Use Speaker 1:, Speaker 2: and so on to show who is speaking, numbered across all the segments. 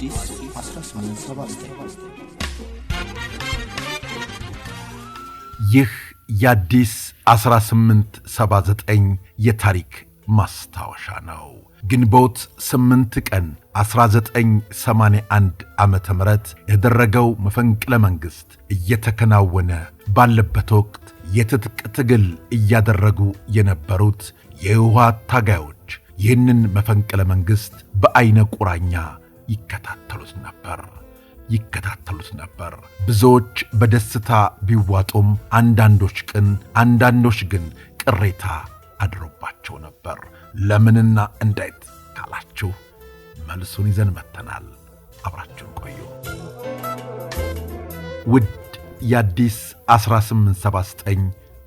Speaker 1: አዲስ 1879 ይህ የአዲስ 1879 የታሪክ ማስታወሻ ነው። ግንቦት 8 ቀን 1981 ዓ ም የተደረገው መፈንቅለ መንግሥት እየተከናወነ ባለበት ወቅት የትጥቅ ትግል እያደረጉ የነበሩት የህወሓት ታጋዮች ይህንን መፈንቅለ መንግሥት በዐይነ ቁራኛ ይከታተሉት ነበር ይከታተሉት ነበር። ብዙዎች በደስታ ቢዋጡም አንዳንዶች ግን አንዳንዶች ግን ቅሬታ አድሮባቸው ነበር። ለምንና እንዴት ካላችሁ መልሱን ይዘን መጥተናል። አብራችሁን ቆዩ። ውድ የአዲስ 1879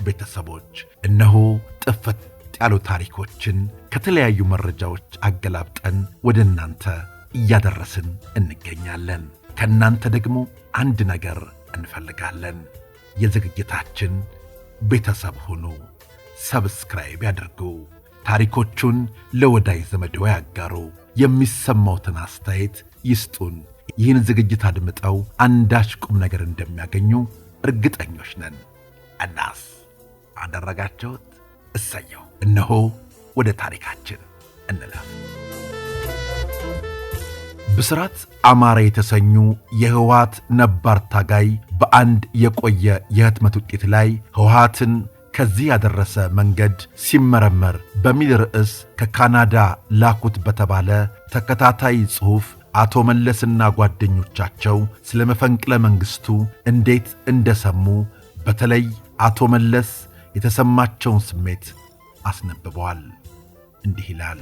Speaker 1: ቤተሰቦች እነሆ ጥፍት ያሉ ታሪኮችን ከተለያዩ መረጃዎች አገላብጠን ወደ እናንተ እያደረስን እንገኛለን። ከእናንተ ደግሞ አንድ ነገር እንፈልጋለን። የዝግጅታችን ቤተሰብ ሁኑ፣ ሰብስክራይብ ያድርጉ፣ ታሪኮቹን ለወዳጅ ዘመዶ ያጋሩ፣ የሚሰማውትን አስተያየት ይስጡን። ይህን ዝግጅት አድምጠው አንዳች ቁም ነገር እንደሚያገኙ እርግጠኞች ነን። እናስ አደረጋችሁት? እሰየው። እነሆ ወደ ታሪካችን እንለፍ።
Speaker 2: ብስራት አማረ የተሰኙ የህወሓት ነባር ታጋይ በአንድ የቆየ የህትመት ውጤት ላይ ህወሓትን ከዚህ ያደረሰ መንገድ ሲመረመር በሚል ርዕስ ከካናዳ ላኩት በተባለ ተከታታይ ጽሑፍ አቶ መለስና ጓደኞቻቸው ስለ መፈንቅለ መንግሥቱ እንዴት እንደሰሙ በተለይ አቶ መለስ የተሰማቸውን ስሜት አስነብበዋል። እንዲህ ይላል።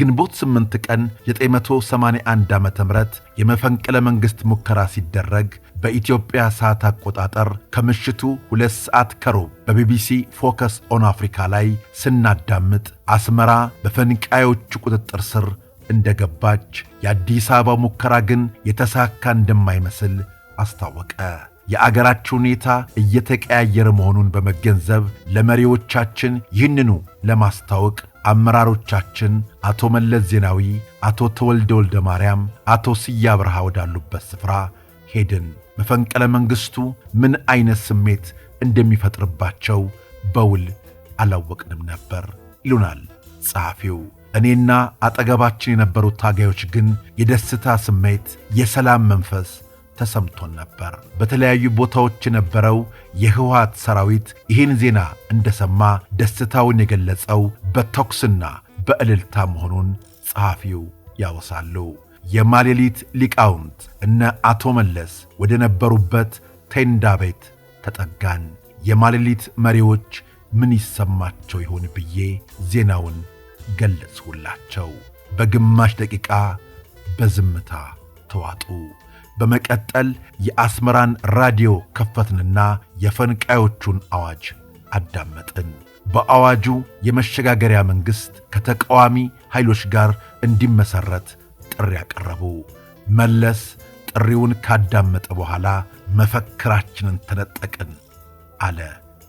Speaker 2: ግንቦት 8 ቀን 981 ዓ ም የመፈንቅለ መንግሥት ሙከራ ሲደረግ በኢትዮጵያ ሰዓት አቆጣጠር ከምሽቱ ሁለት ሰዓት ከሩብ በቢቢሲ ፎከስ ኦን አፍሪካ ላይ ስናዳምጥ አስመራ በፈንቃዮቹ ቁጥጥር ስር እንደገባች የአዲስ አበባ ሙከራ ግን የተሳካ እንደማይመስል አስታወቀ። የአገራችን ሁኔታ እየተቀያየረ መሆኑን በመገንዘብ ለመሪዎቻችን ይህንኑ ለማስታወቅ አመራሮቻችን አቶ መለስ ዜናዊ፣ አቶ ተወልደ ወልደ ማርያም፣ አቶ ስዬ አብርሃ ወዳሉበት ስፍራ ሄድን። መፈንቅለ መንግሥቱ ምን አይነት ስሜት እንደሚፈጥርባቸው በውል አላወቅንም ነበር ይሉናል ጸሐፊው። እኔና አጠገባችን የነበሩት ታጋዮች ግን የደስታ ስሜት፣ የሰላም መንፈስ ተሰምቶን ነበር። በተለያዩ ቦታዎች የነበረው የህወሓት ሰራዊት ይህን ዜና እንደሰማ ደስታውን የገለጸው በተኩስና በእልልታ መሆኑን ጸሐፊው ያወሳሉ። የማሌሊት ሊቃውንት እነ አቶ መለስ ወደ ነበሩበት ቴንዳ ቤት ተጠጋን። የማሌሊት መሪዎች ምን ይሰማቸው ይሆን ብዬ ዜናውን ገለጽሁላቸው። በግማሽ ደቂቃ በዝምታ ተዋጡ። በመቀጠል የአስመራን ራዲዮ ከፈትንና የፈንቃዮቹን አዋጅ አዳመጥን። በአዋጁ የመሸጋገሪያ መንግሥት ከተቃዋሚ ኃይሎች ጋር እንዲመሠረት ጥሪ ያቀረቡ። መለስ ጥሪውን ካዳመጠ በኋላ መፈክራችንን ተነጠቅን አለ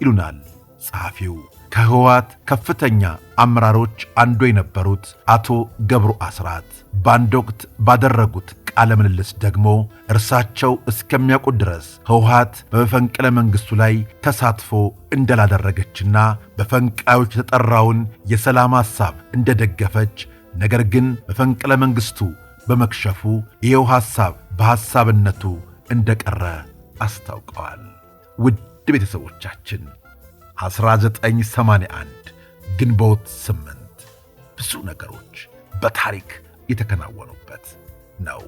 Speaker 2: ይሉናል ጸሐፊው። ከህወሓት ከፍተኛ አመራሮች አንዱ የነበሩት አቶ ገብሩ አስራት በአንድ ወቅት ባደረጉት ቃለ ምልልስ ደግሞ እርሳቸው እስከሚያውቁት ድረስ ህውሃት በመፈንቅለ መንግሥቱ ላይ ተሳትፎ እንደላደረገችና በፈንቃዮች የተጠራውን የሰላም ሐሳብ እንደደገፈች ነገር ግን መፈንቅለ መንግሥቱ በመክሸፉ ይኸው ሐሳብ በሐሳብነቱ እንደቀረ አስታውቀዋል። ውድ ቤተሰቦቻችን 1981 ግንቦት 8 ብዙ ነገሮች በታሪክ የተከናወኑበት ነው።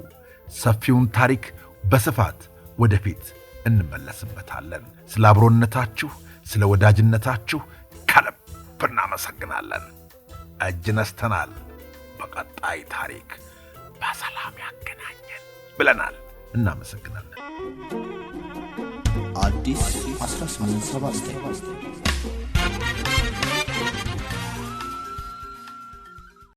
Speaker 2: ሰፊውን ታሪክ በስፋት ወደፊት እንመለስበታለን። ስለ አብሮነታችሁ፣ ስለ ወዳጅነታችሁ ከልብ እናመሰግናለን። እጅ ነስተናል። በቀጣይ ታሪክ በሰላም ያገናኘን ብለናል። እናመሰግናለን። አዲስ 1879